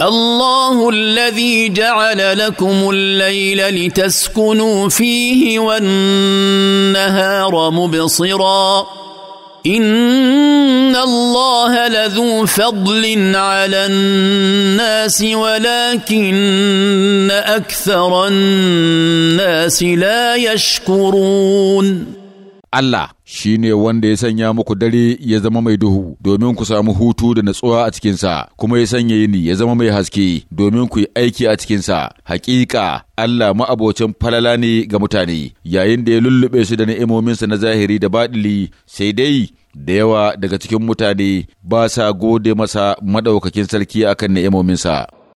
الله الذي جعل لكم الليل لتسكنوا فيه والنهار مبصرا ان الله لذو فضل على الناس ولكن اكثر الناس لا يشكرون Allah shi ne wanda ya sanya muku dare ya zama mai duhu domin ku samu hutu da natsuwa a cikinsa, kuma ya sanya yini ya zama mai haske domin ku yi aiki a cikinsa. Hakika Allah ma'abocin falala ne ga mutane, yayin da ya lullube su da ni'imominsa na zahiri da baɗili, sai dai da yawa daga cikin mutane ba sa gode masa madaukakin sarki akan ni'imominsa.